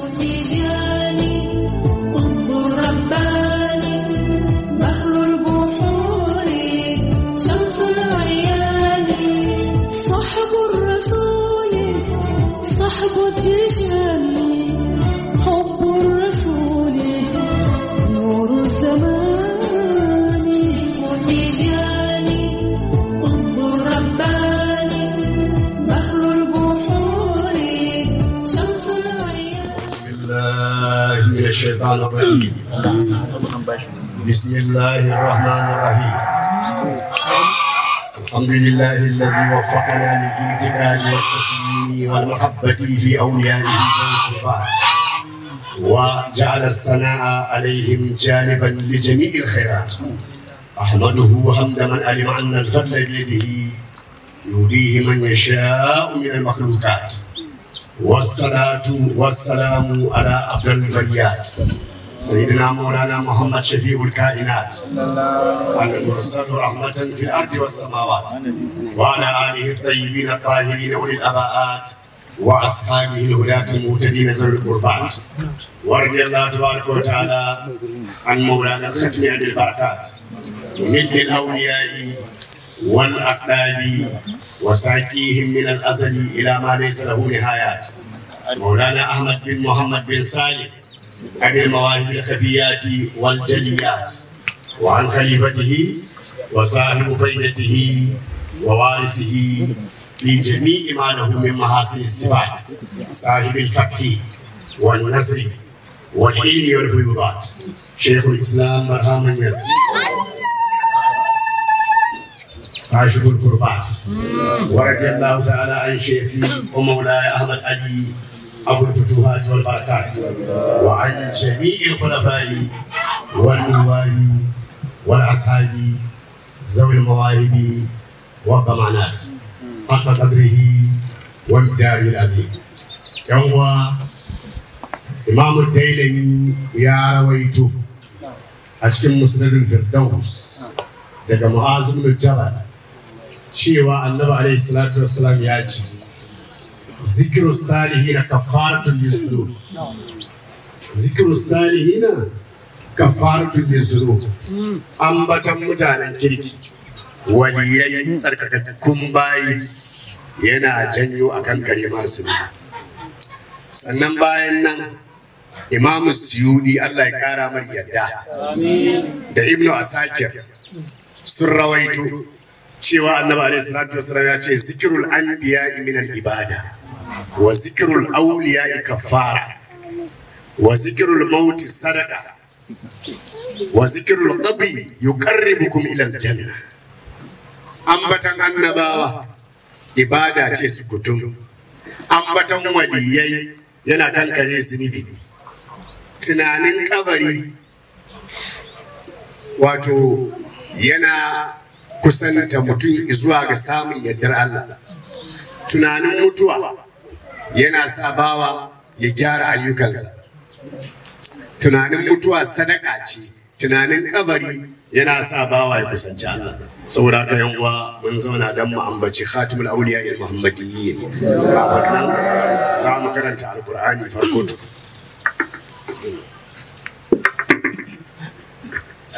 Protéger. الشيطان الرجيم بسم الله الرحمن الرحيم الحمد لله الذي وفقنا للاعتقاد والتسليم والمحبة في أوليائه ذوي القربات وجعل الثناء عليهم جانبا لجميع الخيرات أحمده حمد من علم أن الفضل بيده يوليه من يشاء من المخلوقات والصلاة والسلام على عبد البريات سيدنا مولانا محمد شفيع الكائنات وعلى المرسل رحمة في الأرض والسماوات وعلى آله الطيبين الطاهرين أولي الأباءات وأصحابه الهداة المهتدين ذوي القربات ورد الله تبارك وتعالى عن مولانا الختم عبد البركات وند الأولياء والأقدام وساكيهم من الأزل إلى ما ليس له نهايات مولانا أحمد بن محمد بن سالم أبي المواهب الخفيات والجليات وعن خليفته وصاحب فيدته ووارثه في جميع ما له من محاسن الصفات صاحب الفتح والنصر والعلم والفيوضات شيخ الإسلام برهام ياسين fashigur gurbat hmm. wa radiyallahu ta'ala an shefi wa maulaya ahmad Ali, abul futuhat wal barakat wa an jami'i khulafai wal nawabi wal ashabi zawi al mawahibi wa damanat hatta qadrihi wa dari al azim yawwa imam al dailami ya rawaitu a cikin musnadin firdaus daga mu'azim bin jabal cewa annabi alaihi salatu wassalam ya ce zikiru na kafaratun lisulu zikiru salihina kafaratun An ambatan mutanen kirki Wani waliyayin tsarkakakkun bayi yana janyo akan kare masu sannan bayan nan imamu siyudi Allah ya kara mar yadda da ibnu asakir sun rawaito cewa annabi alaihi salatu wasallam ya ce zikirul anbiya min al ibada wa zikirul awliya kafara wa zikirul mauti sadaka wa zikirul qabri yuqarribukum ila al janna ambatan annabawa ibada ce su An ambatan waliyai yana kan kankare zunubi tunanin kabari wato yana kusanta mutum zuwa ga samun yardar Allah tunanin mutuwa yana sa bawa ya gyara ayyukansa tunanin mutuwa sadaka ce tunanin kabari yana sa bawa ya kusanci Allah saboda haka yan uwa mun zauna dan mu ambaci khatimul awliya il muhammadiyyin kafin nan za mu karanta alqur'ani farko tukun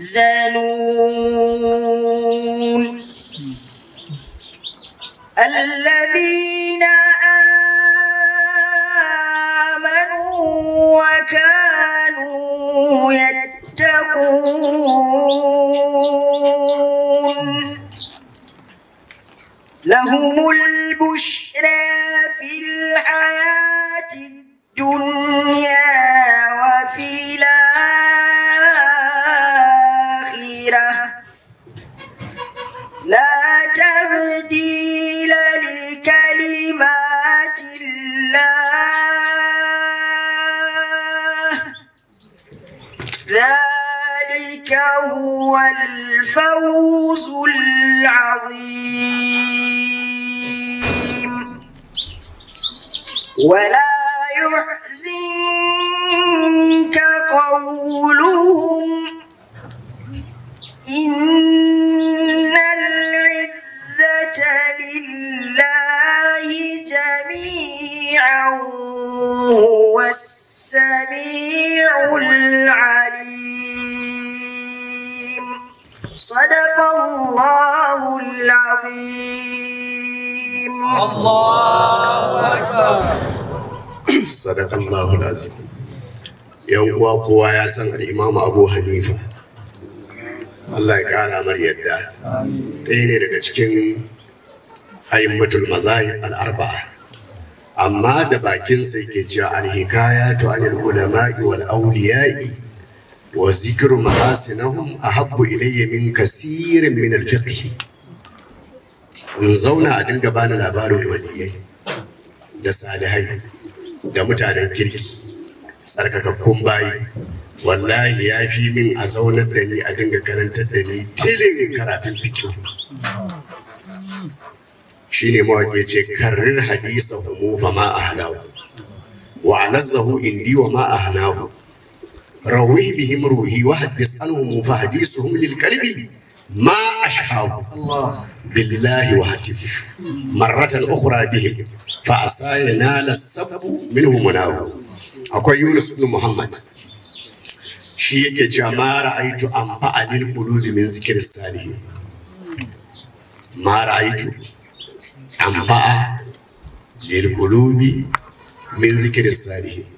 يحزنون الذين آمنوا وكانوا يتقون لهم البشرى في الحياة الدنيا هو الفوز العظيم ولا يحزنك قولهم إن العزة لله جميعا هو السميع العليم صدق الله العظيم الله أكبر صدق الله العظيم yan uwa kowa ya san al'imamu abu hanifa Allah ya ƙara mar yadda ɗaya ne daga cikin ayyammatul mazahib al'arba'a amma da bakinsa yake cewa alhikaya to anil ulama'i wal auliya'i wa zikru habbu ahabbu ilayya min kasirin min alfiqhi in zauna a dinga bani labarin waliyai da salihai da mutanen kirki tsarkakakkun bayi wallahi ya fi min a zaunar da ni a dinga karantar da ni tilin karatun fikihu shi ne mawaƙi ce karrir hadisa humu fa ma a halawu wa alazzahu indi wa ma a halawu rawi bihim ruhi wa haddis anhum fa hadisuhum lil qalbi ma ashhabu Allah billahi wa hatif marratan ukhra bihim fa asayna lasabbu minhum nawu akwai Yunus ibn Muhammad shi yake cewa ma ra'aitu an fa'alil qulubi min zikri salihin ma ra'aitu an fa'a lil qulubi min zikri salihin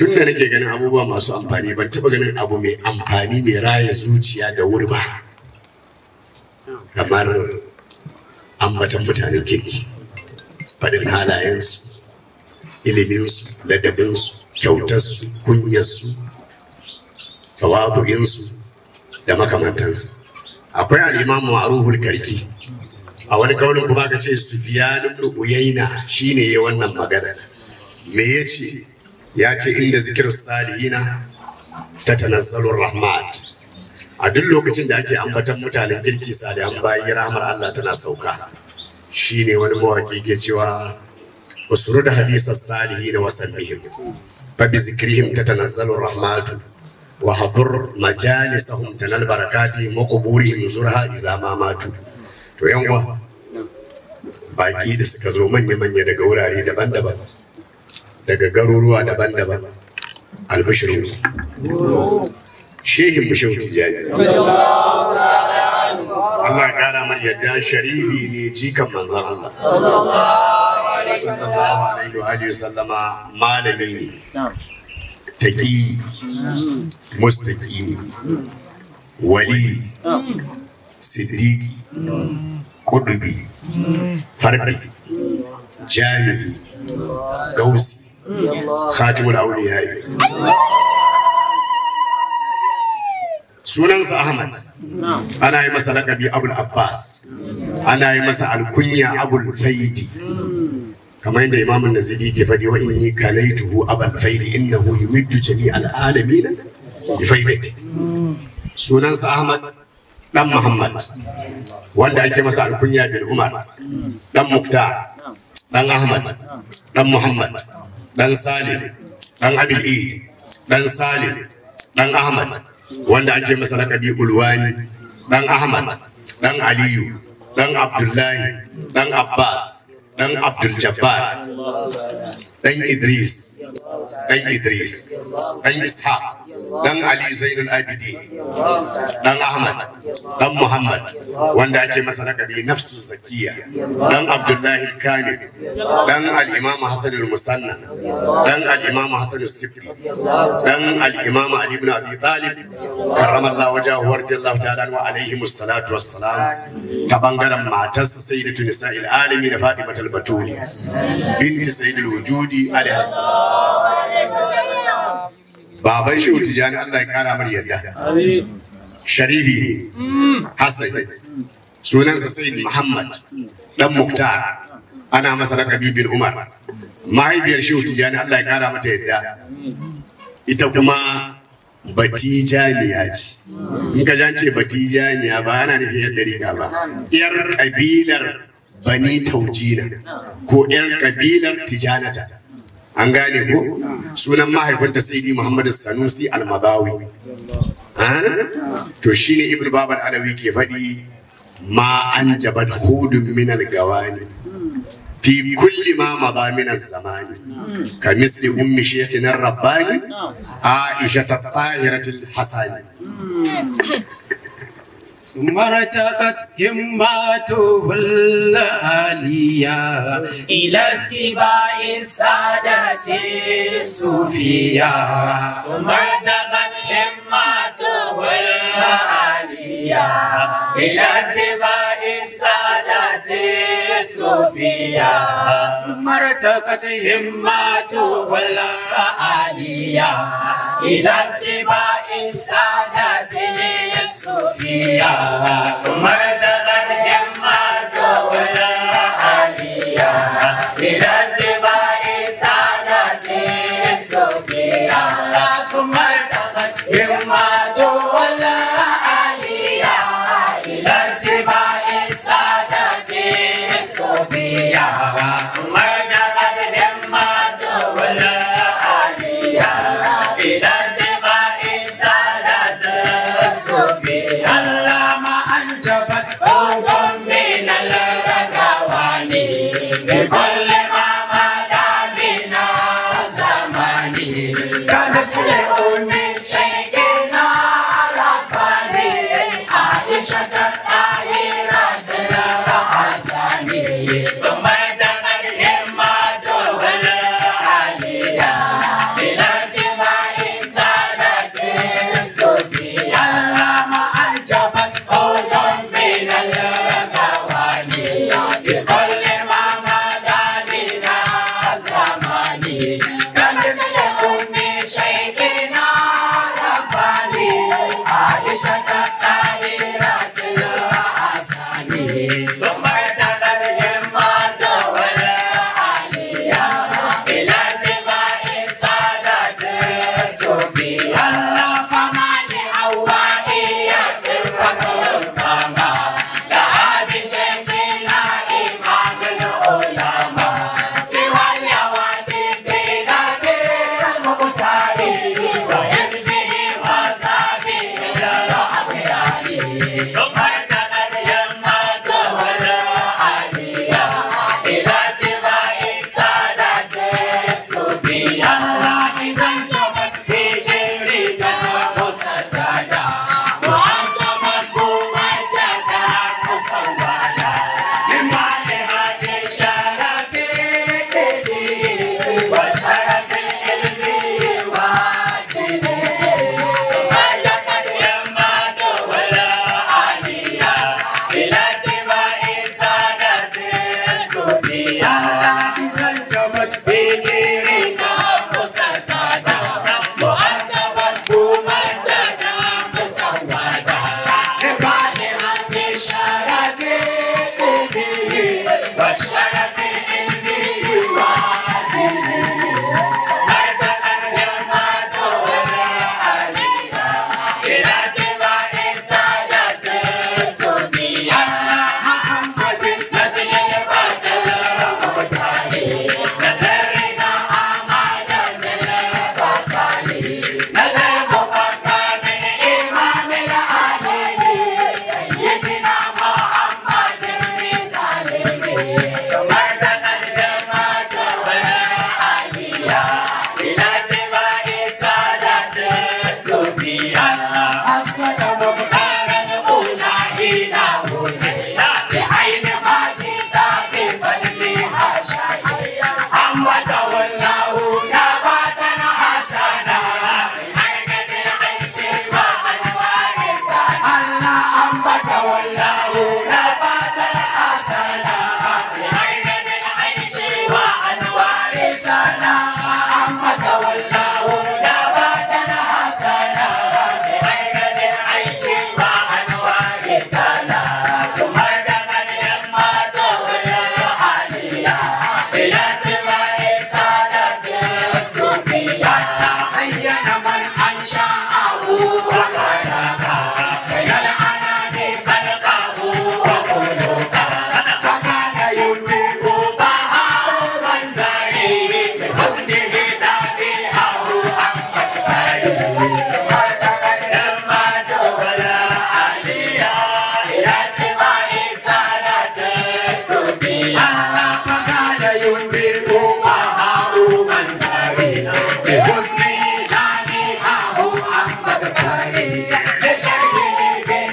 tun da nake ganin abubuwa masu amfani ban taba ganin abu mai amfani mai raya zuciya da wuri ba kamar ambatan mutanen kirki faɗin halayensu iliminsu ladabinsu kyautarsu kunyarsu tawadu'insu da makamantansu akwai alimam a karki a wani kaunin kuma ka ce sufiyan ibn uyayna shine ya wannan magana me ce? ya ce inda zikirin salihina ta tanazzalur rahmat a duk lokacin da ake ambatan mutanen kirki salihan bayi rahmar Allah tana sauka Shi ne wani mawaƙi ke cewa usuru da hadisa na wasan mihim fa bi ta tanazzalur rahmatu wa haɗur majalisahum tanal barakati wa quburihim zurha iza matu to yan baƙi baki da suka zo manya manya daga wurare daban-daban daga garuruwa daban-daban albishirin, shehin mu shehu Allah ya kara mai yadda sharifi ne jikan manzan Allah sallallahu alaihi wa alihi sallama malami ne taqi mustaqimi wali siddiqi kudubi farbi jami'i gausi khatibul awliya sunansa ahmad ana yi masa lakabi abul abbas ana yi masa alkunya abul faidi kamar yadda imamun zidi ke faɗi wa in yi hu abul faidi innahu jami jami'al na yi sunansa ahmad dan muhammad wanda ake masa alkunya bin umar dan mukta ɗan ahmad ɗan muhammad dan salim dan abil eid dan salim dan ahmad wanda ake masa laƙabi ulwani dan ahmad dan aliyu dan abdullahi dan abbas dan abdul jabbar dan idris dan idris dan ishaq dan Ali Zainul Abidi dan Ahmad dan Muhammad wanda ake masa lakabi nafsu zakiya dan Abdullahi Kamil dan al-Imam Hassan al-Musanna dan al-Imam Hassan al-Sibri dan al-Imam Ali ibn Abi Talib karramallahu wajahu warjallahu ta'ala wa alaihi musallatu wassalam ta bangaren matarsa sayyidatu nisa'il alimi da Fatima al-Batuli binti sayyidul wujudi alaihi salam baban shi tijani Allah ya kara mar yadda sharifi ne hasan sunansa sai muhammad dan muktar ana masa rakabi bin umar mahaifiyar shi tijani Allah ya kara mata yadda ita kuma batijaniya ce in ka jance batijaniya ba ana nufin yadda riga ba yar kabilar bani taujina ko yar kabilar tijanata an gane ko sunan mahaifinta saidi muhammadu sanusi almabawi to shine ibn babar alawi ke faɗi ma an jabat hudun minal gawani fi kulli ma maza min zamani ka misli ummi shekhinar rabbani aisha ta tahiratul hasani ثم ارتقت همته العالية إلى اتباع السادة الصوفية ثم ارتقت همته العالية إلى اتباع السادة الصوفية ثم ارتقت همته العالية إلى اتباع السادات ليسلو فيها ثم ارتقت همته والعالية إلى اتباع السادات ليسلو فيها ثم مثل أم شيقنا رباني عائشة عيرة الحسنية ثم Shut up, I did not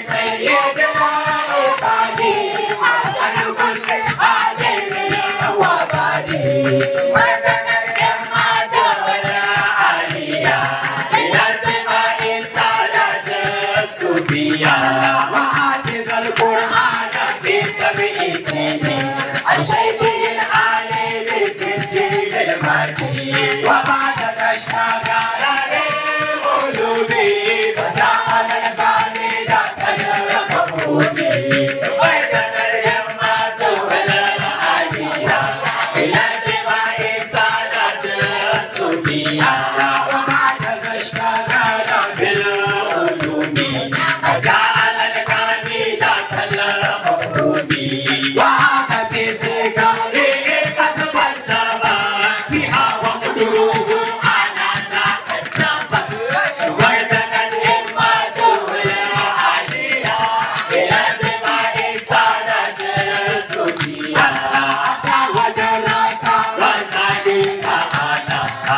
سيدنا القديم حسن كل قادر وبديع مدن الجماعة ولا عليا إلى اتباع السادة الصوفية وحافظ القرآن في سبع سنين عن شيخه العالي بست كلمات وبعد اشتغل للقلوب فجعل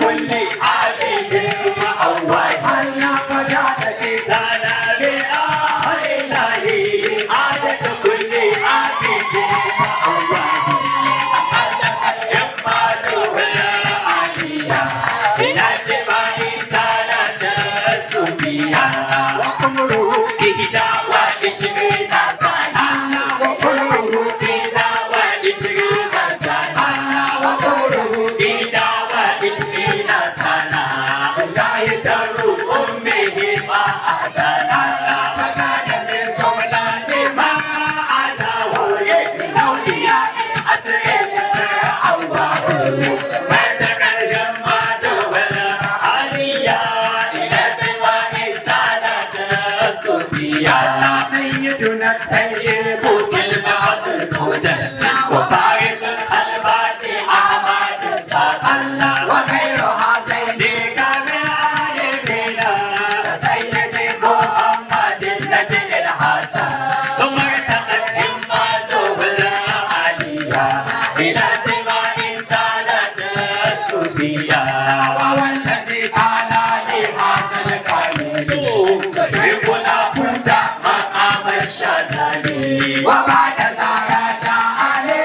when يا سيدنا الطيب كلمة الفضل وفارس الخلبات أحمد السعد الله وخير sa kamar taɗaɗɗen mato wula aliya ila tima isa da ta sufiya a wanda zai ne hasal kame to tare kula kuta makamar sha zane wa ba da zara ta ale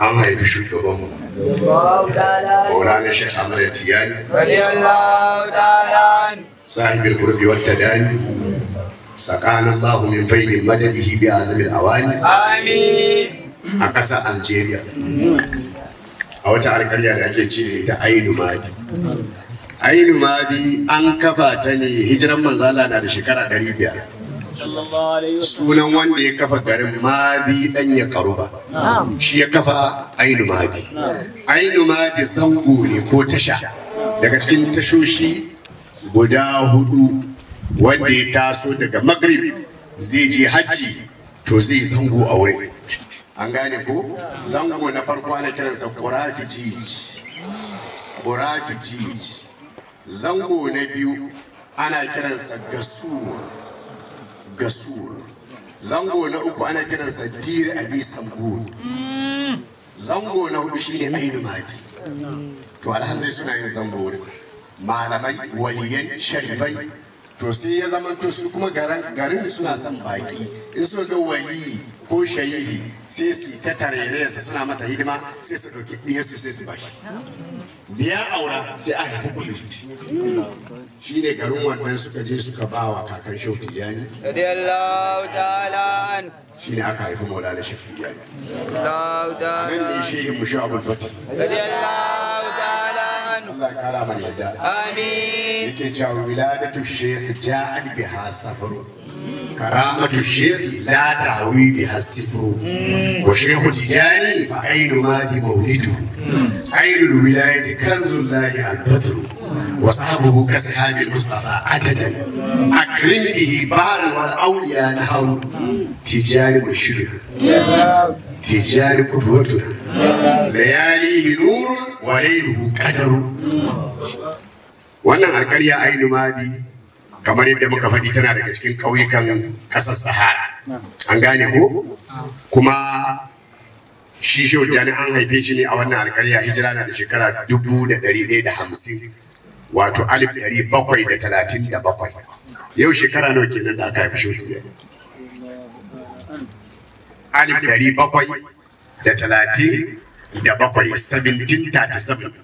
an haifi shugabanmu na shekh amara tiyani sahibin gurbi wata dani tsakanin lahu min faidin madadihi bi azamin awani a ƙasar algeria a wata alƙarya da ake cire ta ainu madi ainu madi an kafa ta ne hijiran manzala na da shekara 500 sunan wanda ya kafa garin madi dan ya karu ba shi ya kafa ainu madi ainu madi zango ne ko tasha daga cikin tashoshi guda hudu wanda ya taso daga maghrib zai je hajji to zai zango a wurin an gane ko zango na farko ana kiransa kurafiji kurafiji zango na biyu ana kiransa gasuwa gasur zango na uku ana kiransa dir abi sambur zango na hudu shine ainu madi to alhazai suna yin zango malamai waliyai sharifai to sai ya zama to su kuma garin suna son baki in suka ga wali ko sharifi sai su ta tarere suna masa hidima sai su ɗauki su sai su bashi Biya ya aura sai a haifi kulin shi ne garin wannan suka je suka ba wa kakan shau tijani shi ne aka haifi maula da shau tijani nan ne shi mu mushi abul fati Allah ya kara mana yadda amin yake cewa wiladatu shaykh ja'at biha safaru karama to shehu la tawi bi hasifu wa shehu tijani fa aidu madi mawlidu aidu wilayati kanzu al badru wa sahabuhu ka sahabi mustafa adadan akrim bihi bar wal awliya na haw tijani mushiru tijani kudwatu layali nurun wa layluhu qadaru wannan harkar ya aidu bi. kamar yadda muka faɗi tana daga cikin ƙauyukan ƙasar sahara an gane ko kuma shi shehu jani an haife shi ne a wannan alƙarya hijira na da shekara dubu da ɗari ɗaya da hamsin wato alif ɗari bakwai da talatin da bakwai yau shekara nawa kenan da aka haifi shehu jani alif ɗari bakwai da talatin da bakwai 1737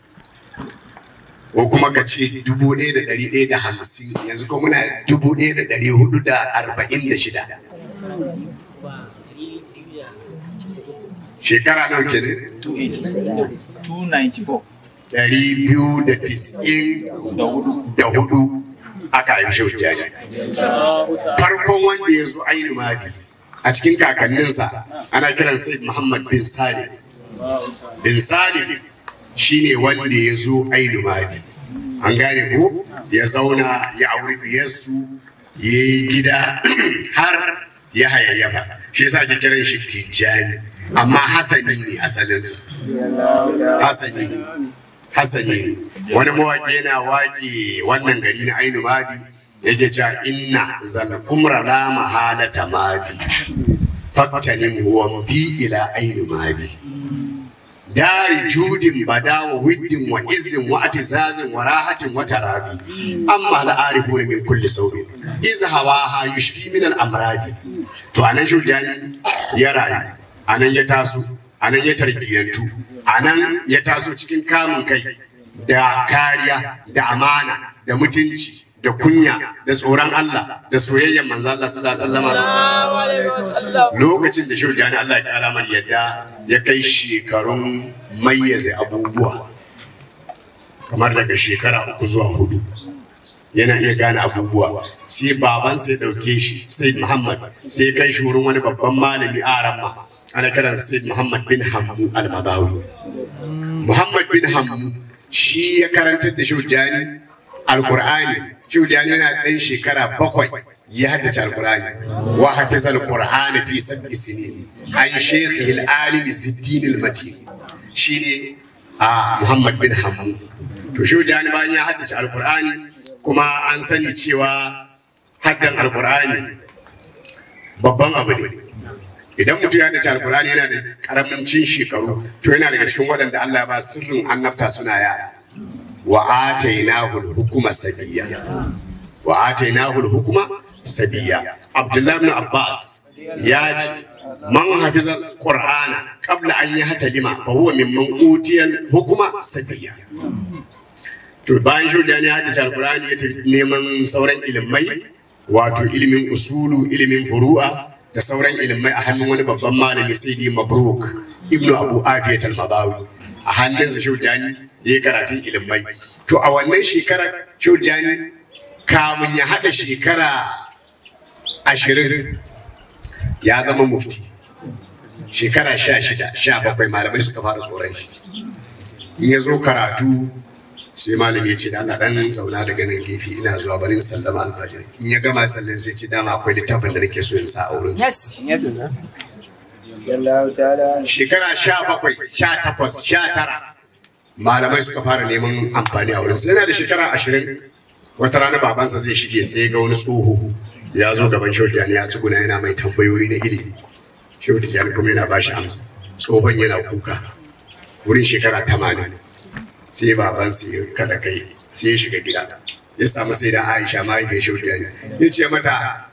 ko kuma ka ce dubu ɗaya da ɗari ɗaya da hamsin yanzu ko muna dubu ɗaya da ɗari hudu da arba'in da shida shekara nawa ke ne? 294 ɗari biyu da tis'in da hudu aka haifi shi jari farkon wanda ya zo ainihin madi a cikin kakanninsa ana kiran sai muhammad bin salim bin salim shine wanda ya zo ainu madi an gane ko ya zauna ya auri biyarsu ya yi gida har ya hayayyafa shi yasa ake kiran shi tijjani amma hasani ne asalinsa hasani ne hasani ne wani mawaƙi yana waƙe wannan gari na ainu madi yake cewa inna zalkumra la mahala tamadi fattanin huwa bi ila ainu madi dari judin badawa widdin wa izin wa atizazin wa rahatin wa tarabi amma al'arifu ne min kulli saurin Iza, hawa ha yushfi min to anan shudani ya rayu anan ya taso anan ya tarbiyyantu anan ya taso cikin kamun kai da kariya da amana da mutunci da kunya da tsoron Allah da soyayyar manzo Allah sallallahu alaihi wasallam lokacin da shi jani Allah ya kara mar yadda ya kai shekarun mayyaze abubuwa kamar daga shekara uku zuwa hudu yana iya gane abubuwa sai babansa ya dauke shi sai Muhammad sai kai shi wurin wani babban malami aramma ana kiran sai Muhammad bin Hammu al-Madawi Muhammad bin Hammu shi ya karantar da shi jani al-Qur'ani Jujani yana ɗan shekara bakwai ya haddace alkur'ani wa hafiza alkur'ani fi sab'i sinin an shekhi al'alim ziddin al-matin shine a Muhammad bin Hamu to Jujani bayan ya haddace alkur'ani kuma an sani cewa haddan alkur'ani babban abu ne idan mutum ya dace alƙur'ani yana da ƙaramin cin shekaru to yana daga cikin waɗanda Allah ba sirrin annabta suna yara wa atainahu al-hukma wa abdullahi ibn abbas ya ce man hafiza qur'ana qabla an yi fa huwa mimman utiya al-hukma to bayan shujani hadda al-qur'ani ya tafi neman sauran ilimai wato ilimin usulu ilimin furu'a da sauran ilimai a hannun wani babban malami sai dai mabruk ibnu abu afiyat al-mabawi a hannunsa shujani ya karatun ilimai to a wannan shekarar Jani kamun ya haɗa shekara ashirin ya zama mufti shekara sha shida sha bakwai malamai suka fara tsoron shi in ya zo karatu sai malam ya ce Allah ɗan zauna daga nan gefe ina zuwa barin sallama alfajir in ya gama sallin sai ce dama akwai littafin da nake so in sa auren yes yes shekara sha bakwai sha takwas sha tara malamai suka fara neman amfani a wurin yana da shekara ashirin wata rana babansa zai shige sai ga wani tsoho ya zo gaban shautiyani ya tsuguna yana mai tambayoyi na ilimi shautiyani kuma yana bashi amsa tsohon yana kuka wurin shekara tamanin sai babansa ya kada kai sai ya shiga gida ya samu sai da aisha mahaifin shautiyani ya ce mata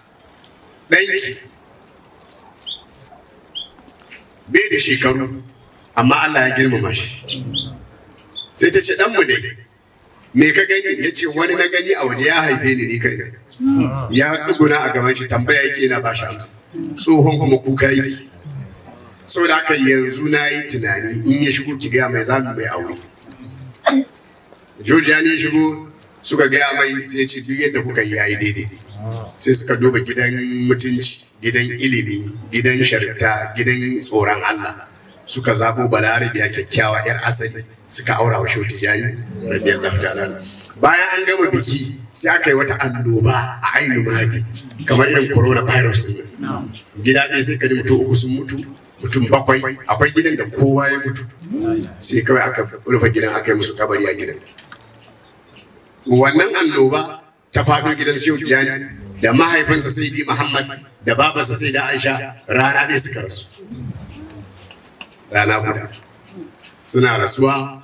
ɗanki bai da shekaru amma Allah ya girmama shi sai ta ce ɗanmu dai me ka gani ya ce wani na gani a waje ya haife ni ni kai ya tsuguna a gaban shi tambaya yake na ba shi amsa tsohon kuma kuka yi saboda haka yanzu na yi tunani in ya shigo ki gaya mai zamu mai aure jojiya ne shigo suka gaya mai sai ce duk yadda kuka yi yayi daidai sai suka duba gidan mutunci gidan ilimi gidan sharita gidan tsoron Allah suka zabo balarabiya kyakkyawa yar asali suka aura wa shehu tijani radiyallahu ta'ala bayan an gama biki sai aka yi wata annoba a ainihin mahadi kamar irin virus ne gida ɗaya sai ka ji mutum uku sun mutu mutum bakwai akwai gidan da kowa ya mutu sai kawai aka rufe gidan aka yi musu kabari a gidan wannan annoba ta faɗo gidan shehu jani da mahaifinsa sai di muhammad da babansa sai da aisha rana ɗaya suka rasu rana guda suna rasuwa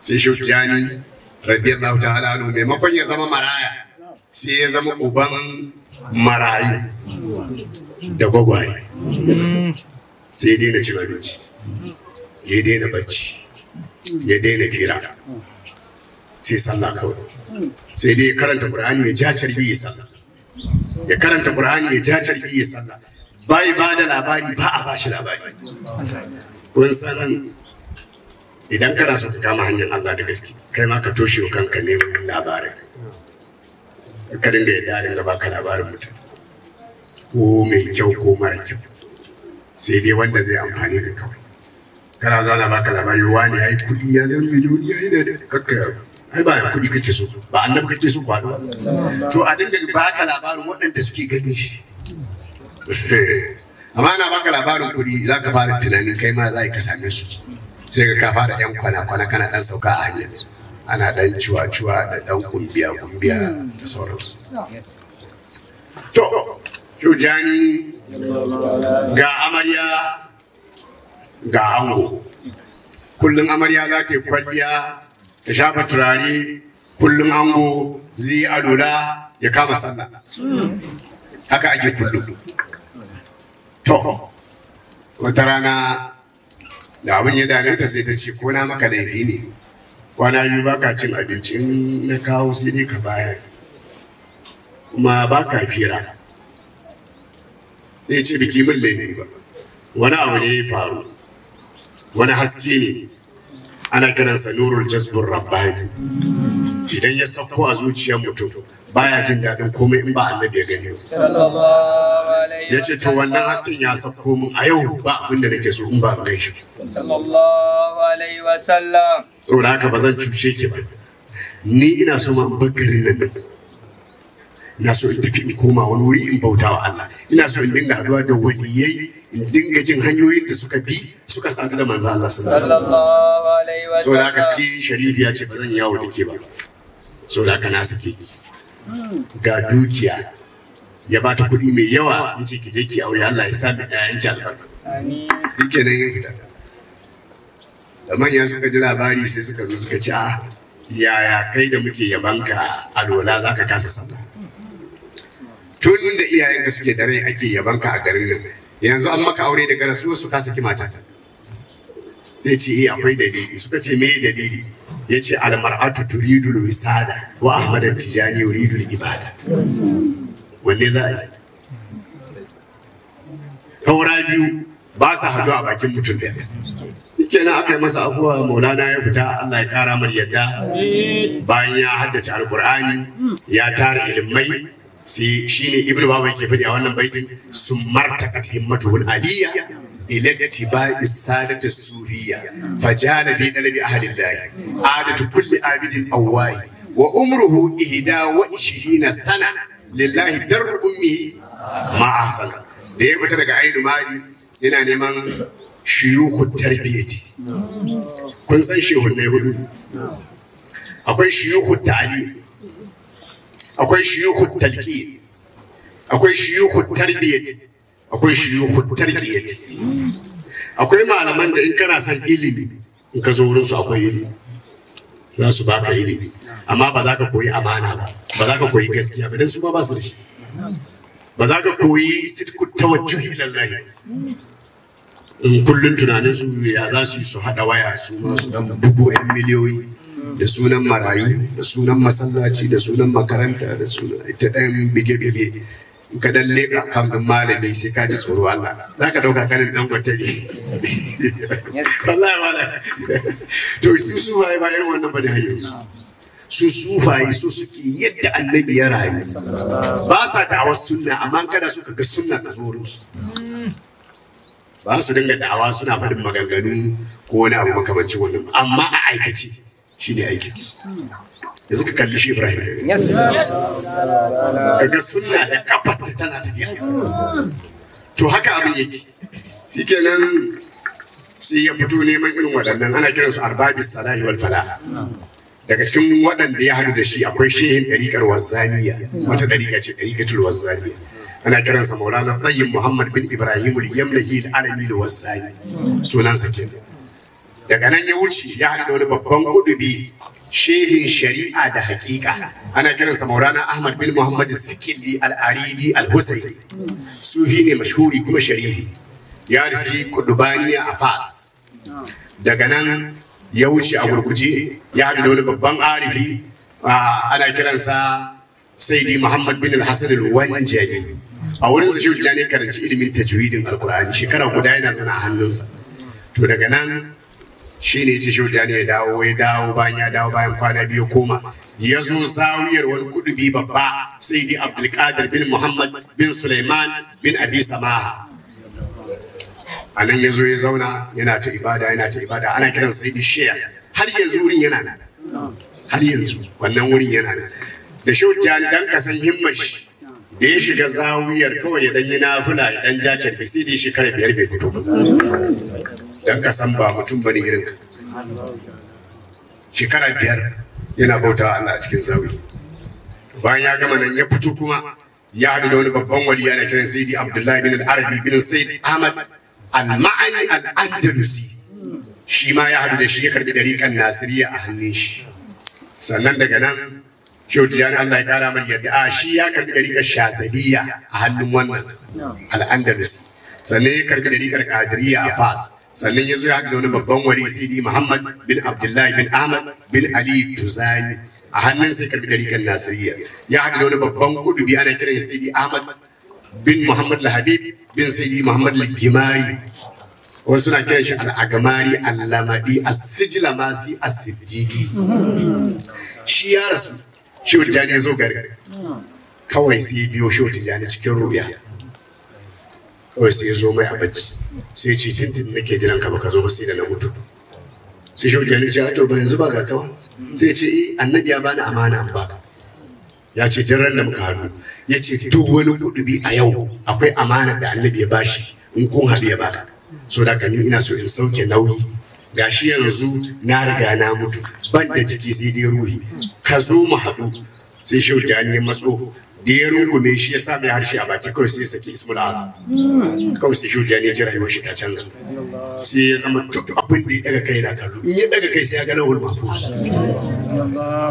sai shautiyani radiyallahu ta'ala anhu maimakon ya zama maraya sai ya zama uban marayu da gwagware sai ya daina cin abinci ya daina bacci ya daina fira sai sallah kawai sai dai ya karanta ƙur'ani ya ja carbi ya sallah ya karanta ƙur'ani ya ja carbi ya sallah bai ba da labari ba a ba shi labari kun san idan kana so ka kama hanyar Allah da gaske kai ma ka toshe wa kanka ne labarin ka dinga yadda dinga baka labarin mutum ko mai kyau ko mara kyau sai dai wanda zai amfani ka kawai kana zuwa na baka labari wani ya yi kuɗi ya zai miliyoni ya yi da kakka ai ba kuɗi kake so ba annabi kake so kwaɗo to a dinga baka labarin waɗanda suke ganin shi amma na baka labarin kuɗi za ka fara tunanin kai ma za ka same su sai ka kafa da yan kwana-kwana kana dan sauka a hanyar ana dan ciwa-ciwa da dan kumbiya-kumbiya da sauransu to cujani ga amarya ga ango kullum amarya za ta yi kwalliya ta shafa turare kullum ango zai yi alula ya kama sallah haka ake kullum to wata rana da abin ya dame ta sai ta ce ko na maka laifi ne kwana biyu baka cin abinci in na kawo sai dai ka bayar kuma baka fira sai ce biki min laifi ba wani abu ne ya faru wani haske ne ana kiransa nurul jazbur rabbani idan ya sauko a zuciyar mutum baya jin daɗin komai in ba annabi ya gani ya ce to wannan hasken ya sauko min a yau ba abin da nake so in ba in gaishe da haka ba zan cuce ki ba ni ina so ma in bar garin nan ina so in tafi in koma wani wuri in bauta wa Allah ina so in dinga haduwa da waliyai in dinga jin hanyoyin da suka bi suka sadu da manzo Allah sallallahu alaihi wasallam da haka ki sharifi ya ce ba zan yawo da ke ba da haka na sake ki ga dukiya ya ba ta kuɗi mai yawa ya ce ki je ki aure Allah ya sami ki albarka duk kenan ya fita da manya suka ji labari sai suka zo suka ce a yaya kai da muke yabanka alwala za ka kasa sallah tun da iyayenka suke da rai ake yabanka a garin nan yanzu an maka aure da rasuwar su kasa kimata. mata zai ce eh, akwai dalili suka ce me dalili ya ce almar'atu turidul wisada wa ahmad tijani yuridul ibada wanne za a yi taura biyu ba sa hadu a bakin mutum ɗaya Yake na aka yi masa afuwa maulana ya fita Allah ya kara mar yadda bayan ya haddace alkur'ani ya tara ilimai sai shine ibnu baba yake faɗi a wannan baitin sun himmatu himmatuhul aliyya بلجة باء السادة السورية فجعل في قلب أهل الله عادة كل عابد أواي وعمره إهدا وإشرين سنة lillahi dar ummi ma ahsana da ya fita daga ainu mali yana neman shiyuhu tarbiyati kun san shehunai hudu akwai shiyuhu ta'ali akwai shiyuhu talqi akwai akwai shuyuhu tarkiyati akwai malaman da in kana son ilimi in ka zo wurin su akwai ilimi za su baka ilimi amma ba za ka koyi amana ba ba za ka koyi gaskiya ba dan su ma ba su da shi ba za ka koyi sidku tawajjuhi lallahi in kullun tunanin su ya za su yi su hada waya su ma su dan bugo yan miliyoyi da sunan marayu da sunan masallaci da sunan makaranta da sunan ita dan bige-bige ka dan leka kan malami sai ka ji tsoro Allah za ka dauka kanin ɗan gwata ne wallahi wala to su sufa ba irin wannan bane hanyar su su yi su suke yadda annabi ya rayu ba sa da'awar sunna amma kada su ka ga sunna ta zo musu ba su dinga da'awa suna faɗin maganganu ko wani abu makamancin wannan amma a aikace shi ne aikinsu Da suka kalli shi Ibrahim Daga sunna da kafar ta tana tafiya to haka abin yake shikenan sai ya fito neman irin waɗannan ana kiransu arbabis salahi wal fala. daga cikin waɗanda ya haɗu da shi akwai shehin ɗariƙar wazzaniya wata ɗariƙa ce ɗariƙatul wazzaniya ana kiransa maulana ɗayin muhammad bin ibrahim yamlahi alami da wazzani sunansa kenan daga nan ya wuce ya haɗu da wani babban ƙudubi shehin shari'a da hakika ana kiransa maulana ahmad bin muhammad sikili al-aridi al-husayn sufi ne mashhuri kuma sharifi ya riski kudubaniya a fas daga nan ya wuce a gurguje ya haɗu da wani babban arifi ana kiransa saidi muhammad bin al-hasan al-wanjani a sa shehu jani karanci ilimin tajwidin qurani shekara guda yana zana a hannunsa to daga nan shi ne ya ce shauta ne ya dawo ya dawo bayan ya dawo bayan kwana biyu koma ya zo zawiyar wani kudubi babba sai dai abdulkadir bin muhammad bin suleiman bin abi samaha a nan ya zo ya zauna yana ta ibada yana ta ibada ana kiran sai da shehu har yanzu wurin yana nan har yanzu wannan wurin yana nan da shehu tijjani dan kasan himmashi da ya shiga zawiyar kawai ya dan yi nafila ya dan ja bai sai da shekara biyar bai fito ba don ka san ba mutum bane irin ka shekara biyar yana bauta Allah a cikin zawi bayan ya gama nan ya fito kuma ya haɗu da wani babban wali yana kiran sayyidi abdullahi bin al-arabi bin sayyid ahmad al-ma'ani al-andalusi shi ma ya haɗu da shi ya karbi dariƙan nasiriya a hannun shi sannan daga nan shehu jani Allah ya kara mar yadda a ah, shi ya karbi ɗariƙar shazaliya a hannun wannan al-andalusi sannan ya karbi ɗariƙar kadiriya a fas sannan ya zo ya haɗu da wani babban wari, sidi muhammad bin abdullahi bin ahmad bin ali tuzani a hannun sai karbi dariƙar nasiriya ya haɗu da wani babban kudubi ana kiran sidi ahmad bin muhammad lahabib bin sidi muhammad gimari wasu na kiran shi al'agamari masu a asiddigi shi ya rasu shi wajani ya zo gari kawai sai biyo shi wata cikin ruya kawai sai ya zo mai a bacci sai ce tuntun nake jiran ka baka zo ba sai da na mutu sai shi ya ce to ba yanzu ba ga kawa sai ce eh annabi ya bani amana an baka ya ce duk ran da muka haɗu ya ce duk wani kudubi a yau akwai amana da annabi ya bashi in kun haɗu ya baka so da ni ina so in sauke nauyi gashi yanzu na riga na mutu ban da jiki sai dai ruhi ka zo mu haɗu sai shi ya matso da ya rungume shi ya sa mai harshe a baki kawai sai saki ismul azam kawai sai shuja ne jira rayuwar shi ta canza sai ya zama duk abin da ya daga kai na kallo in ya daga kai sai ya ga lahul mahfuz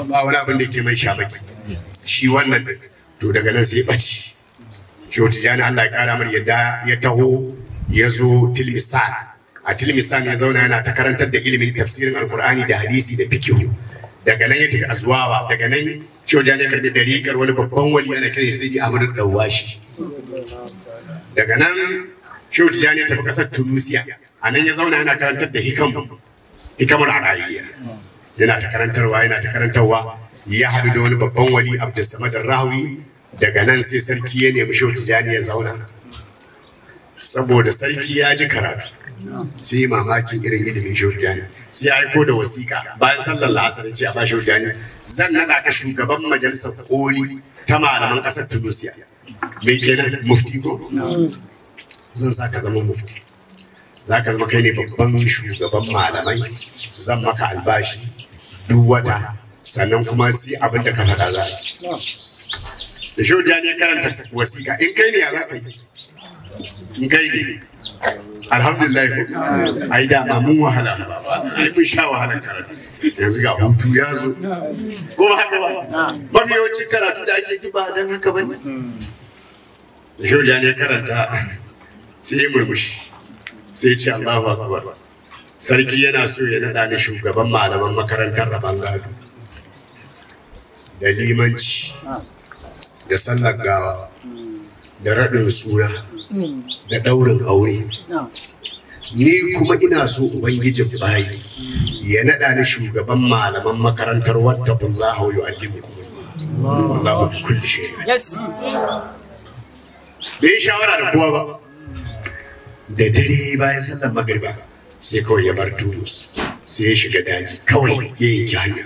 ba wani abin da ke mai baki. shi wannan to daga nan sai ya bace shi wata jani Allah ya kara mar yadda ya taho ya zo tilmisan a tilmisan ya zauna yana ta karantar da ilimin tafsirin alkur'ani da hadisi da fikihu daga nan ya tafi azuwa daga nan Shehu Jani ya karbi gar wani babban wali ana kiran sai Sayyidi amadu Dawashi. Daga nan Shehu Tijjani ya tafi ƙasar Tunisia a nan ya zauna yana karantar da hikam hikamar adayiyya. Yana ta karantarwa yana ta karantarwa ya haɗu da wani babban wali Abdulsamad Rahawi daga nan sai sarki ya nemi Shehu Tijjani ya zauna. Saboda sarki ya ji karatu. sai mamakin irin ilimin shurjani sai ya aiko da wasiƙa bayan sallar la'asar ce a ba shurjani zan naɗa ka shugaban majalisar koli ta malaman ƙasar tunisia mai kenan mufti ko zan sa ka zama mufti za ka zama kai ne babban shugaban malamai zan maka albashi duk wata sannan kuma sai abin da ka faɗa za ka da shi ya karanta wasiƙa in kai ne ya za yi in kai ne alhamdulillah ai da ma mun wahala ai mun sha wahala karatu yanzu ga hutu ya zo ko ba haka ba mafi yawancin karatu da ake duba don haka ba ne shojan ya karanta sai ya murmushi sai ya ce Allahu akbar sarki yana so ya naɗa ni shugaban malaman makarantar rabon gado da limanci da sallar gawa da raɗin sura da ɗaurin aure ni kuma ina so ubangijin bayi ya naɗa ni shugaban malaman makarantar wata kulla hau yi allimu kulli shay bai shawara da kowa ba da dare bayan sallar magriba sai kawai ya bar tumus sai ya shiga daji kawai ya yanki hanya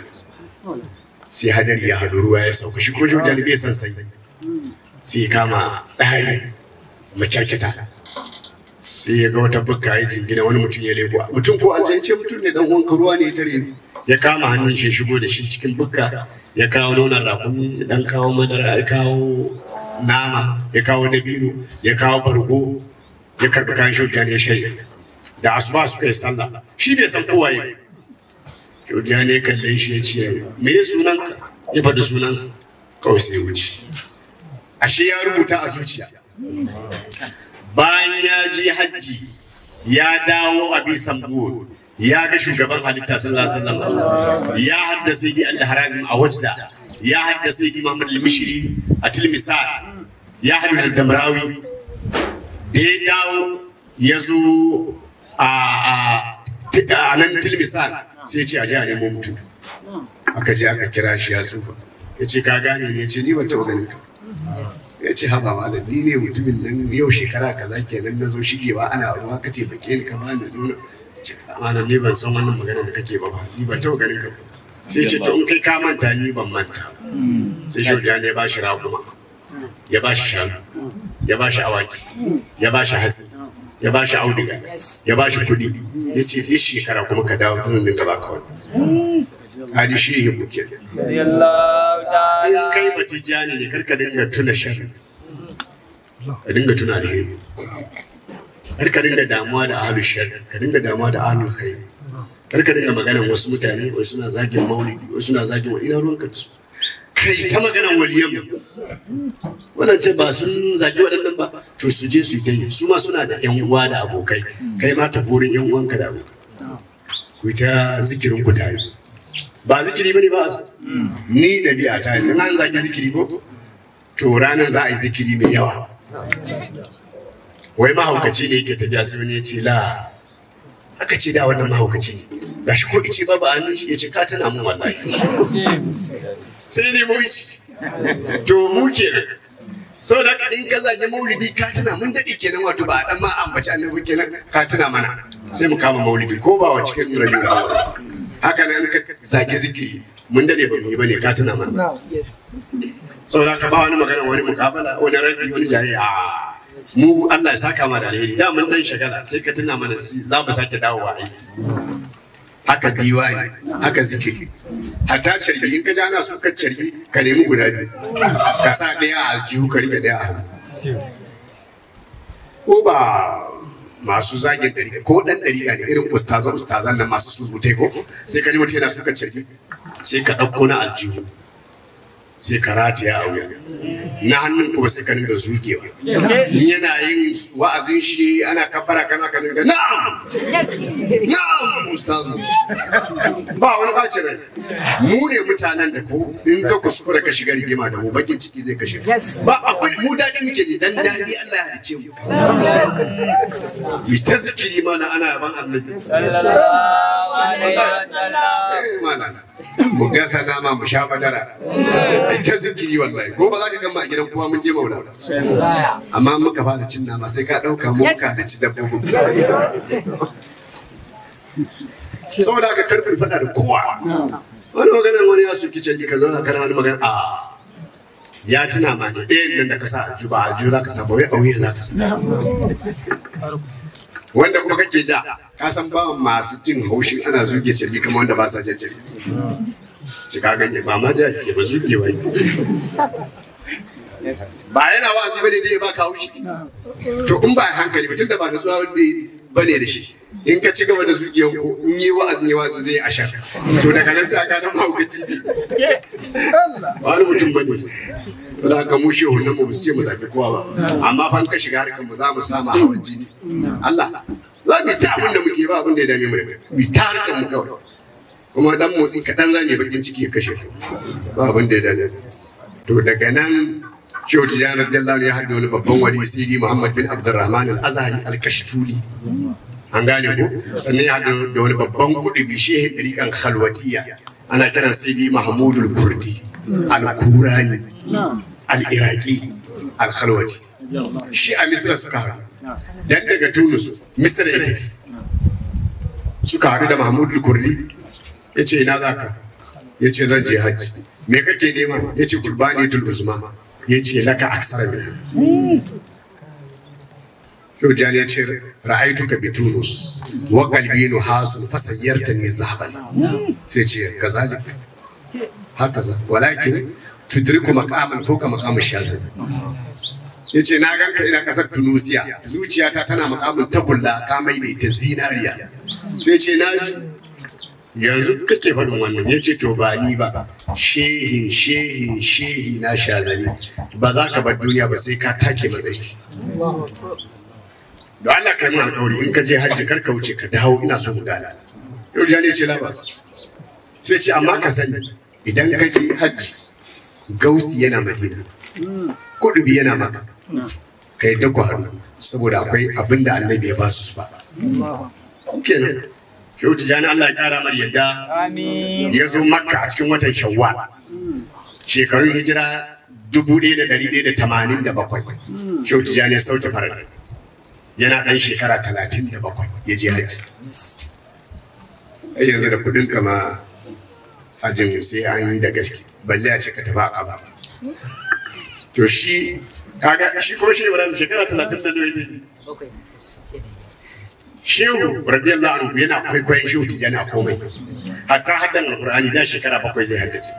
sai hadari ya hadu ruwa ya sauka shi ko shi wajen bai san sai sai kama ɗari makyarkita sai ya ga wata bukka ya jingina wani mutum ya leko mutum ko an ce mutum ne dan wanka ruwa ne ya tare ni ya kama hannun shi shigo da shi cikin bukka ya kawo nonon rakumi ya dan kawo madara ya kawo nama ya kawo dabino ya kawo bargo ya karbi kayan shautan ya shayya da asuba su kai sallah shi bai san kowa yi shautan ne kalle shi ya ce me ya sunanka ya faɗi sunansa kawai sai ya wuce ashe ya rubuta a zuciya bayan ya ji hajji ya dawo a bisan buwur ya ga shugaban halitta sallallahu alaihi wasallam ya hadda sayyidi al-harazim a wajda ya hadda sayyidi muhammad al-mishri a tilmisal ya hadu da damrawi da ya dawo ya zo a nan tilmisal sai ce a je a nemo mutum aka je aka kira shi ya tsufa ya ce ka gane ne ce ni ban taɓa ganin ka ya ce haba malam ni ne mutumin nan yau shekara kaza kenan na zo shigewa ana ruwa ka taimake ni ka bani nuna? malam ni ban san wannan magana da kake ba ni ban taɓa ganin ka sai ce to in kai ka manta ni ban manta hmm. sai shoja ne ba shi raguma ya ba shi shanu ya ba shi awaki ya ba shi hatsi ya ba shi auduga ya ba shi kuɗi ya ce duk shekara kuma ka dawo tunanin gaba kawai hadi hmm. shi yi buke. in kai ba tijjani ne karka dinga tuna shan. ka dinga tuna alheri kar ka dinga damuwa da ahlul shar ka dinga damuwa da ahlul khair kar ka dinga maganan wasu mutane wai suna zagin maulidi wai suna zagin wa ina ruwan kansu kai ta maganan waliyan wannan ce ba sun zagi waɗannan ba to su je su yi ta yi su ma suna da yan uwa da abokai kai ma ta furin yan uwanka da abokai ku ta zikirin ku tare ba zikiri bane ba a so ni biya ta yanzu an zaki zikiri ko to ranar za a yi zikiri mai yawa wai mahaukaci ne yake tafiya sai wani ya ce la aka ce da wannan mahaukaci gashi ko ice ba ba an shi ya ce ka tana mun wallahi sai ne mu shi to mu ke so da in ka zage maulidi ka tana mun dade kenan wato ba dan ma ambaci annabi kenan ka tana mana sai mu kama maulidi ko ba wa cikin rayuwa haka nan ka zage zikiri mun dade ba mu yi bane ka tuna mana da ka ba wani magana wani mukabala wani raddi wani jaye a mu Allah ya saka ma da alheri da mun dan shagala sai ka tuna mana za mu sake dawowa aiki haka diwani haka zikiri hatta charbi in ka ji ana suka charbi ka nemi guda biyu ka sa ɗaya a aljihu ka rike ɗaya a hannu ko ba masu zagin ɗari ko ɗan ɗari ne irin ustazan ustazan nan masu surutai ko sai ka ji mutum yana suka charbi sai ka ɗauko na aljihu sai ka rataya a wuya na hannun kuma sai ka dinga zugewa yana yin wa'azin shi ana kabbara kana ka dinga na'am na'am ustazu ba wani bace rai mu ne mutanen da ko in ka kuskura ka shiga rigima da mu bakin ciki zai kashe ba akwai mu dadi muke ji dan dadi Allah ya halice mu mu ta zikiri mana ana yaban annabi sallallahu alaihi wasallam eh, mu gasa nama mu sha madara ai ta yi wallahi ko ba za ka gama a gidan kowa mun je maula amma muka fara cin nama sai ka ɗauka mu ka da ci dabbobin saboda ka karku fada da kowa wani magana wani ya soki ki ka zo ka wani magana a ah, ya tuna ma ne eh nan da ka sa a juba. za ka sa ba wai za ka sa wanda kuma kake ja ka san ba masu jin haushin ana zuge shirgi kamar wanda ba sa jin shirgi shi ka ganye ba ma ja ke ba zuge ba ba yana wa'azi bane da ya baka haushi to in ba hankali mutum da ba ba ne da shi in ka ci gaba da zugiyan ko in yi wa'azin ya wa'azin zai ashar to daga nan sai aka nan mahaukaci wani mutum bane ba za ka mu shehu nan mu ce mu zabi kowa ba amma fa ka shiga harkar mu za mu sama hawan jini Allah za mu ta abin da muke ba abin da ya dame mu da mu ta harkar mu kawai kuma dan motsi kaɗan za mu bakin ciki ya kashe ba abin da ya dame to daga nan Shehu Tijjani radiyallahu ya haɗa wani babban wali Sidi Muhammad bin Abdurrahman al-Azhari al-Kashtuli. An gane ko? Sannan ya haɗa da wani babban kuɗi shehin ɗariƙan Khalwatiya. Ana kiran Sidi Mahmudul Kurdi al-Kurani. Al'iraƙi, al'halwati. shi a misra suka haɗu dan daga tunus misra ya tafi suka haɗu da mahmud al-kurdi ya ce ina za ka ya ce zan je hajji me kake nema ya ce tul uzma ya ce laka aksara min to jani ya ce ra'aituka bi tunus wa qalbi nuhasun fa sayyartani zahaban sai kazalik hakaza walakin tudriku ko ka maqam shazin Ya ce na ganka ina kasar Tunisia zuciyata tana maqamin tagulla ka mai da ita zinariya sai ce na ji yanzu kake faɗin wannan ya ce to ba ni ba shehin shehin shehi na shazani ba za ka bar duniya ba sai ka take matsayi da Allah kai mun alƙawari in ka je hajji kar ka wuce ka dawo ina so mu gana yau jani ce labas sai ce amma ka sani idan ka je hajji gausi yana madina kudubi yana maka ka yadda ku haɗu saboda akwai abin da annabi ya ba su ba kenan shi wuce jani Allah ya kara mar yadda ya zo makka a cikin watan shawwal shekarun hijira dubu ɗaya da ɗari ɗaya da tamanin da bakwai shi wuce jani ya sauke farar yana ɗan shekara talatin da bakwai ya je haji yanzu da kuɗin kama hajjin sai an yi da gaske balle a ce ka tafi a ba. to shi kaga shi ko shi ibrahim shekara talatin da nawa shehu radiyallahu anhu yana kwaikwayon shehu tijani a komai hatta haddan alqur'ani da shekara bakwai zai haddace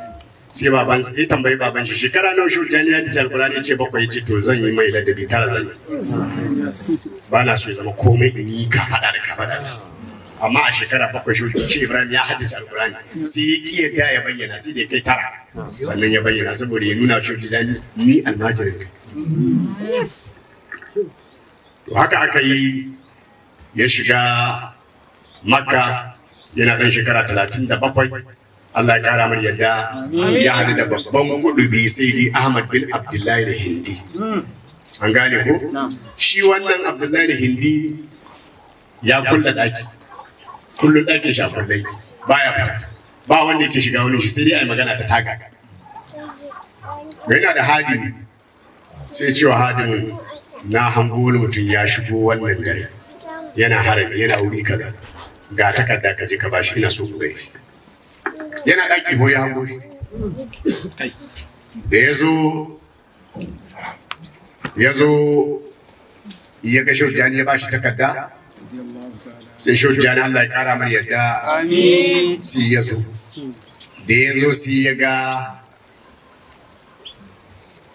sai baban sai tambayi baban shi shekara nawa shehu tijani ya haddace alqur'ani ce bakwai ce to zan yi mai ladabi tara zan yi ba na so ya zama komai ni ka faɗa da ka faɗa da shi amma a shekara bakwai shehu ibrahim ya haddace alqur'ani sai ya ƙi yadda ya bayyana sai da ya kai tara sannan ya bayyana saboda ya nuna shi daji ni almajirin ka to haka aka yi ya shiga makka yana ɗan shekara talatin da bakwai Allah ya kara mar yadda ya haɗu da babban kudubi sai dai Ahmad bin Abdullahi da Hindi. Hmm. An gane ko? Shi wannan Abdullahi da Hindi ya kulla ɗaki. Kullum ɗakin ba ya fita. ba wanda yake shiga wani shi sai dai a yi magana ta taga yana da hadi sai cewa hadimin na hango wani mutum ya shigo wannan gari yana harami yana wuri kaza ga takarda ka je ka bashi ina so ku gani yana ɗaki ko ya hango shi da ya yazo ya zo ya ga ya bashi takarda sai shaujani Allah ya kara mana yadda sai ya zo da ya zo sai ya ga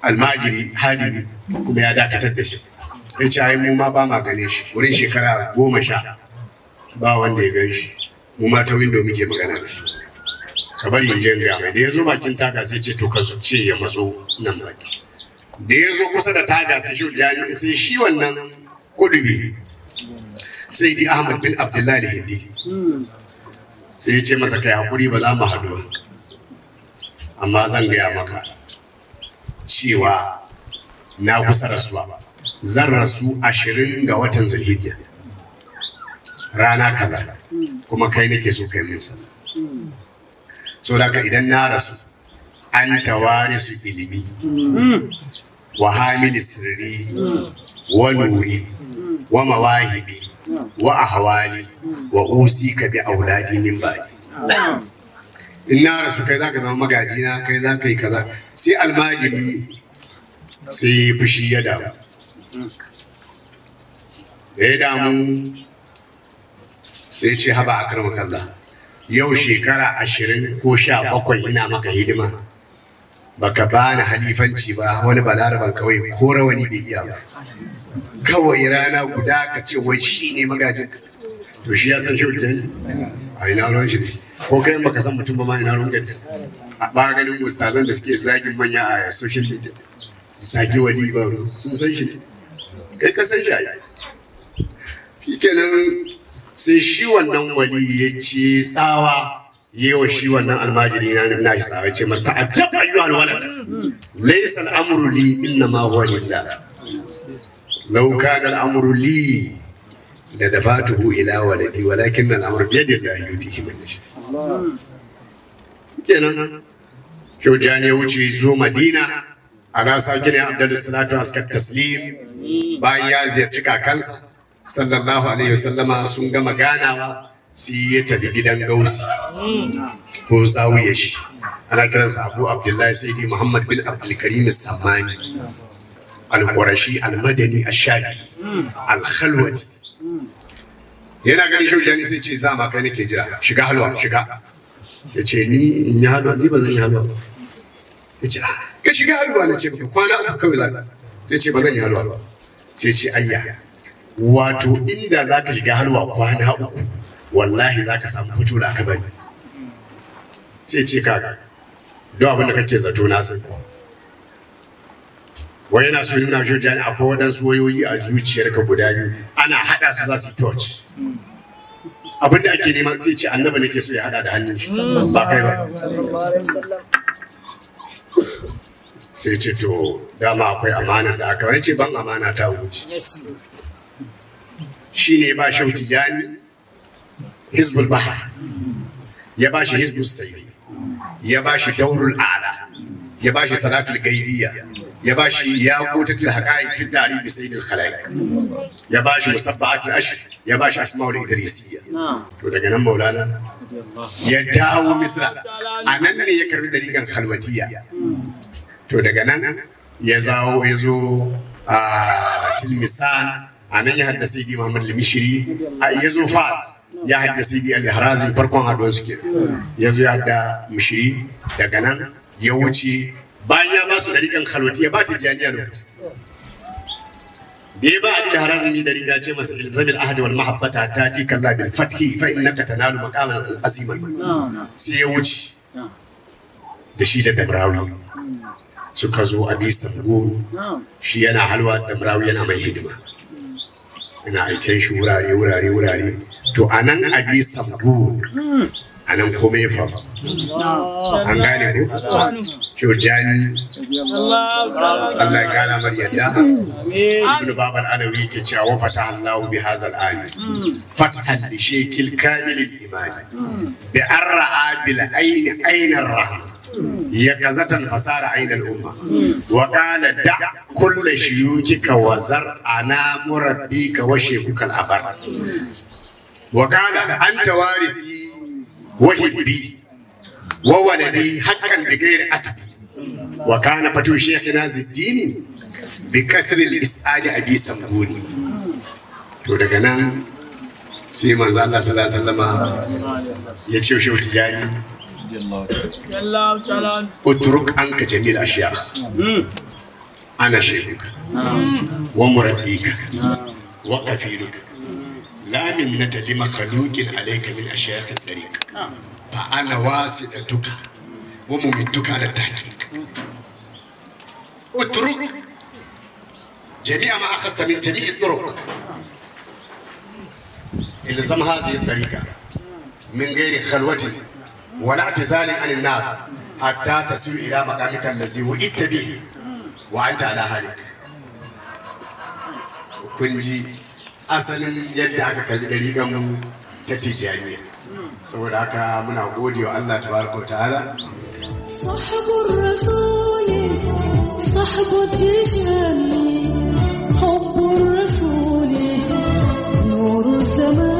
almajiri hadiri kuma ya dakatar da shi ya ce ai mu ma ba ma gane shi wurin shekara goma sha ba wanda ya gan shi mu ma ta windo muke magana da shi ka bari in je ga mai da ya zo bakin taga sai ce to ka ce ya matso nan baki da ya zo kusa da taga sai shi jami'in sai shi wannan kudubi sai di ahmad bin abdullahi hindi sai ya ce masa kai hakuri ba za mu haɗu ba amma zan gaya maka cewa na kusa rasuwa zan rasu ashirin ga watan zulhijja rana kaza kuma kai nake so kai min sallah so daga idan na rasu an tawari su ilimi wa hamili sirri wa nuri wa mawahibi wa ahwali wa usika bi auladi min ba'di in na rasu kai za ka zama magajina kai za ka yi kaza sai almajiri sai fushi ya damu da ya damu sai ce haba a karma kalla yau shekara ashirin ko sha bakwai ina maka hidima baka bani halifanci ba wani balaraban kawai ko rawani bai iya ba kawai rana guda ka ce wai shi ne magajinka to shi ya san shehu tijani a ina ruwan shi ko kai baka san mutum ba ma ina ruwan gari? a baganin ustazan da suke zagin manya a social media zagi wani ba sun san shi ne kai ka san shi ai shi kenan sai shi wannan wani ya ce tsawa yi wa shi wannan almajiri na na shi tsawa ce masta a dab ayyuhal walad laysa al-amru li inna ma huwa lillah law kana al li da dafatuhu ila waladi walakin al-amru bi yadillahi yutihi man shi. kenan Shaujan ya wuce zo Madina a rasa gina Abdul Salatu askar taslim bayan ya ziyarci kakansa sallallahu alaihi wasallama sun gama ganawa sai ya tafi gidan gausi ko zawiya shi ana kiransa Abu Abdullahi Sayyidi Muhammad bin Abdul Karim Sammani al-Qurashi al-Madani al al-Khalwati yana ganin shi wajen sai ce za ma kai nake jira shiga halwa shiga ya ce ni in yi halwa ni ba zan yi halwa ya ce ah, ka shiga halwa na ce ba kwana uku kawai za sai ce ba zan yi halwa ba sai ce ayya wato inda za ka shiga halwa kwana uku wallahi za ka samu fito da aka bari sai ce kaga don abin da kake zato na san wai yana so nuna shi akwai waɗansu wayoyi a zuciyarka guda biyu ana haɗa su za su yi torch. abin da ake nema sai ce annabi nake so ya hada da hannun shi ba kai ba sai ce to dama akwai amana da aka ce ban amana ta wuce shi ne ba shi tijani hizbul bahar ya ba shi hizbul sayi ya ba shi daurul ala ya ba shi salatul gaibiya ya ba shi ya kotatul haƙa'i fi tari Khalaik, ya ba shi musabba'atul ashir ya ba shi asma'ul idrisiya to daga nan maulana ya dawo misra a nan ne ya karbi dariƙan halwatiya to daga nan ya zawo ya zo a tilmisan a nan ya haddasa yi muhammad limishiri ya zo fas ya haddasa yi al-harazi farkon haduwar su ke. ya zo ya hadda mishiri daga nan ya wuce bayan ya ba su dariƙan halwatiya ba tijjaniya lokaci ya eh, ba ali da harazimi da riga ce masa ilzamin ahadi wal mahabbata ta ti kalla bil fathi fa innaka tanalu maqaman aziman sai ya wuce da shi da damrawi hmm. suka zo a bisan goro shi yana halwa damrawi yana mai hidima ina aiken shi wurare wurare wurare to anan a bisan goro a nan komai fa an gane ku jani Allah ya gana mar yadda ibn bab al alawi ke cewa fata Allah bi hadha al ayi fatha li shaykil kamil al iman bi arra bil ayn ya kazatan fasara ayn al umma wa qala da kull shuyukika wa zar ana murabbika wa shaykuka al abar wa qala anta warisi وهبي وولدي حقا بغير أتبي وكان فتو Zidini? زي الدين بكثر isadi أبي سمبوني to daga nan sai manzo Allah sallallahu alaihi ya ce shi tijani utruk anka jamil ashiya ana شيخك wa وكفيلك لا من منة لمخلوق عليك من أشياخ الطريق نعم. فأنا واسطتك وممدك على التحقيق اترك جميع ما أخذت من جميع الطرق الزم هذه الطريقة من غير خلوة ولا اعتزال عن الناس حتى تسير إلى مقامك الذي وئدت به وأنت على هالك وكنجي asalin yadda aka kalli ɗariƙar mu ta tijjaniya saboda haka muna gode wa Allah tabaraka wa ta'ala صاحب rasuli صاحب التجاني حب rasuli نور الزمان